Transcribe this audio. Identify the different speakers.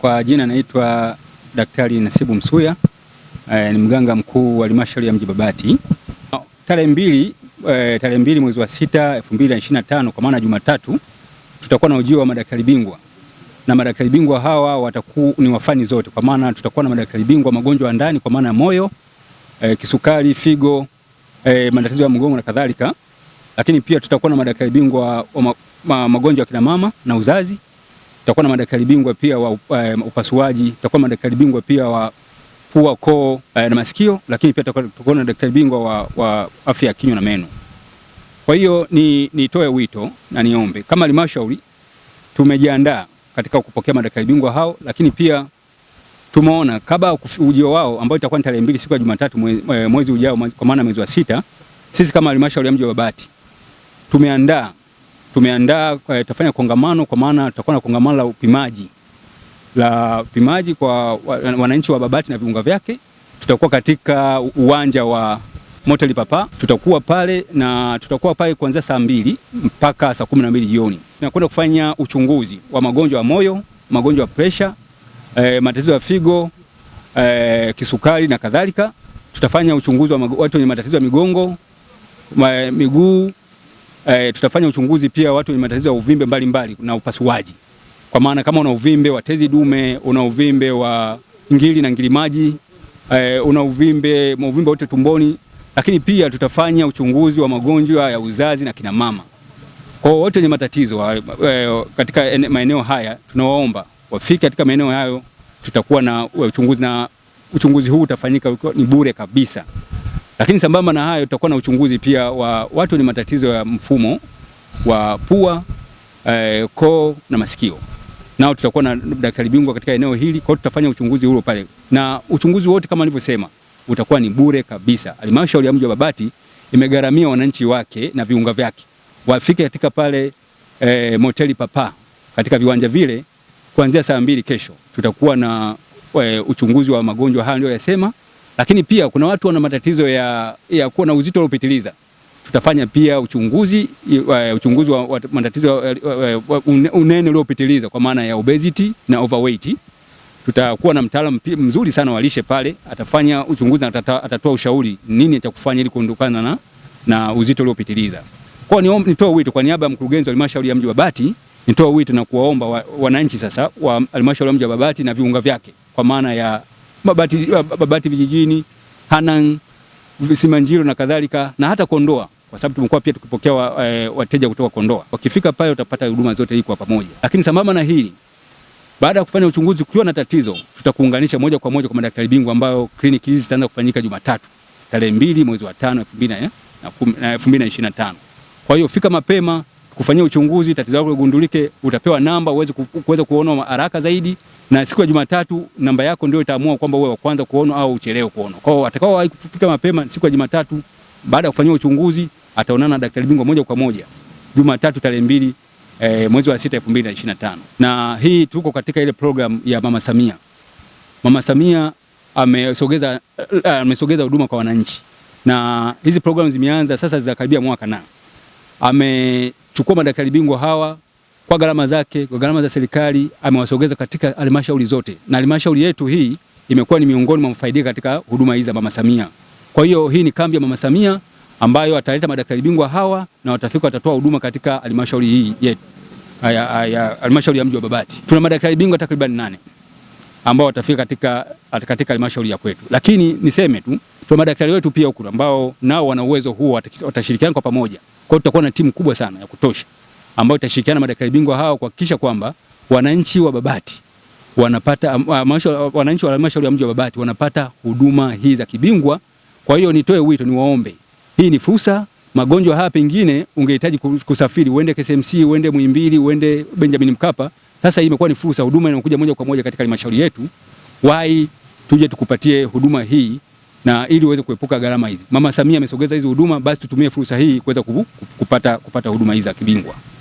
Speaker 1: Kwa jina naitwa Daktari Nasibu Msuya e, ni mganga mkuu wa halmashauri ya mji Babati. Tarehe mbili e, tarehe mbili mwezi wa sita elfu mbili na ishirini na tano kwa maana Jumatatu tutakuwa na ujio wa madaktari bingwa na madaktari bingwa hawa watakuwa ni wafani zote, kwa maana tutakuwa na madaktari bingwa magonjwa ya ndani kwa maana ya moyo e, kisukari, figo e, matatizo ya mgongo na kadhalika, lakini pia tutakuwa na madaktari bingwa wa ma, ma, magonjwa ya kina mama na uzazi tutakuwa na madaktari bingwa pia wa uh, upasuaji, tutakuwa na madaktari bingwa pia wa pua, koo uh, na masikio, lakini pia tutakuwa na daktari bingwa wa, wa afya ya kinywa na meno. Kwa hiyo ni nitoe wito na niombe kama halmashauri tumejiandaa katika kupokea madaktari bingwa hao, lakini pia tumeona kabla ujio wao ambao itakuwa ni tarehe mbili siku ya Jumatatu eh, mwezi ujao, kwa maana mwezi wa sita, sisi kama halmashauri ya mji wa Babati tumeandaa tumeandaa e, tafanya kongamano kwa maana tutakuwa na kongamano la upimaji la upimaji kwa wananchi wa Babati na viunga vyake. Tutakuwa katika uwanja wa Moteli Papa, tutakuwa pale na tutakuwa pale kuanzia saa mbili mpaka saa kumi na mbili jioni. Tunakwenda kufanya uchunguzi wa magonjwa ya moyo, magonjwa ya presha, e, eh, matatizo ya figo, e, kisukari na kadhalika. Tutafanya uchunguzi wa watu wenye matatizo ya migongo, miguu eh, tutafanya uchunguzi pia watu wenye matatizo ya uvimbe mbalimbali na upasuaji, kwa maana kama una uvimbe wa tezi dume, una uvimbe wa ngili na ngili maji e, una uvimbe uvimbe wote tumboni, lakini pia tutafanya uchunguzi wa magonjwa ya uzazi na kina mama. Kwa wote wenye matatizo eh, eh katika maeneo haya tunawaomba wafike katika maeneo hayo, tutakuwa na uchunguzi na uchunguzi huu utafanyika, ni bure kabisa. Lakini sambamba na hayo, tutakuwa na uchunguzi pia wa watu wenye matatizo ya mfumo wa pua, eh, koo na masikio nao tutakuwa na daktari bingwa katika eneo hili. Kwa hiyo tutafanya uchunguzi huo pale, na uchunguzi wote kama nilivyosema utakuwa ni bure kabisa. Halmashauri ya mji wa Babati imegharamia wananchi wake na viunga vyake wafike katika pale eh, moteli Papa katika viwanja vile kuanzia saa mbili kesho tutakuwa na eh, uchunguzi wa magonjwa hayo niliyoyasema. Lakini pia kuna watu wana matatizo ya, ya kuwa na uzito uliopitiliza. Tutafanya pia uchunguzi uh, uchunguzi wa, wa matatizo uh, uh, unene uliopitiliza kwa maana ya obesity na overweight. Tutakuwa na mtaalamu mzuri sana wa lishe pale, atafanya uchunguzi na atata, atatoa ushauri nini cha kufanya ili kuondokana na, na uzito uliopitiliza. Kwa hiyo nitoa wito kwa niaba ya mkurugenzi wa halmashauri ya mji wa Babati, nitoa wito na kuwaomba wananchi wa sasa wa halmashauri ya mji wa Babati na viunga vyake kwa maana ya Babati, Babati vijijini, Hanang, Simanjiro na kadhalika na hata Kondoa kwa sababu tumekuwa pia tukipokea wa, e, wateja kutoka Kondoa. Wakifika pale utapata huduma zote hii kwa pamoja. Lakini sambamba na hili, baada ya kufanya uchunguzi, ukiwa na tatizo, tutakuunganisha moja kwa moja kwa madaktari bingwa ambao kliniki hizi zitaanza kufanyika Jumatatu tarehe mbili mwezi wa tano elfu mbili na ishirini na tano. Kwa hiyo fika mapema kufanyia uchunguzi, tatizo lako ligundulike, utapewa namba uweze kuweza kuona haraka zaidi na siku ya Jumatatu namba yako ndio itaamua kwamba wewe wa kwanza kuona au uchelewe kuona. Kwa hiyo atakao kufika mapema siku ya Jumatatu baada ya kufanyiwa uchunguzi ataonana na daktari bingwa moja kwa moja Jumatatu tarehe mbili e, mwezi wa sita elfu mbili na ishirini na tano. Na hii tuko katika ile program ya Mama Samia. Mama Samia amesogeza eh, amesogeza huduma kwa wananchi, na hizi programu zimeanza sasa, zinakaribia mwaka na amechukua madaktari bingwa hawa kwa gharama zake, kwa gharama za serikali amewasogeza katika halmashauri zote, na halmashauri yetu hii imekuwa ni miongoni mwa mfaidika katika huduma hizi za Mama Samia. Kwa hiyo hii ni kambi ya Mama Samia ambayo ataleta madaktari bingwa hawa na watafika watatoa huduma katika halmashauri hii yetu ya halmashauri ya mji wa Babati. Tuna madaktari bingwa takriban nane ambao watafika katika katika halmashauri ya kwetu, lakini niseme tu tuna madaktari wetu pia huko ambao nao wana uwezo huo, watashirikiana kwa pamoja. Kwa hiyo tutakuwa na timu kubwa sana ya kutosha ambayo itashirikiana na madaktari bingwa hao kuhakikisha kwamba wananchi wa Babati wanapata ah, wananchi wa halmashauri ya mji wa Babati wanapata huduma hii za kibingwa. Kwa hiyo nitoe wito, niwaombe, hii ni fursa. Magonjwa haya pengine ungehitaji kusafiri uende KSMC, uende Muhimbili, uende Benjamin Mkapa. Sasa hii imekuwa ni fursa, huduma inakuja moja kwa moja katika halmashauri yetu. Wai tuje tukupatie huduma hii na ili uweze kuepuka gharama hizi. Mama Samia amesogeza hizi huduma, basi tutumie fursa hii kuweza kupata, kupata huduma hizi za kibingwa.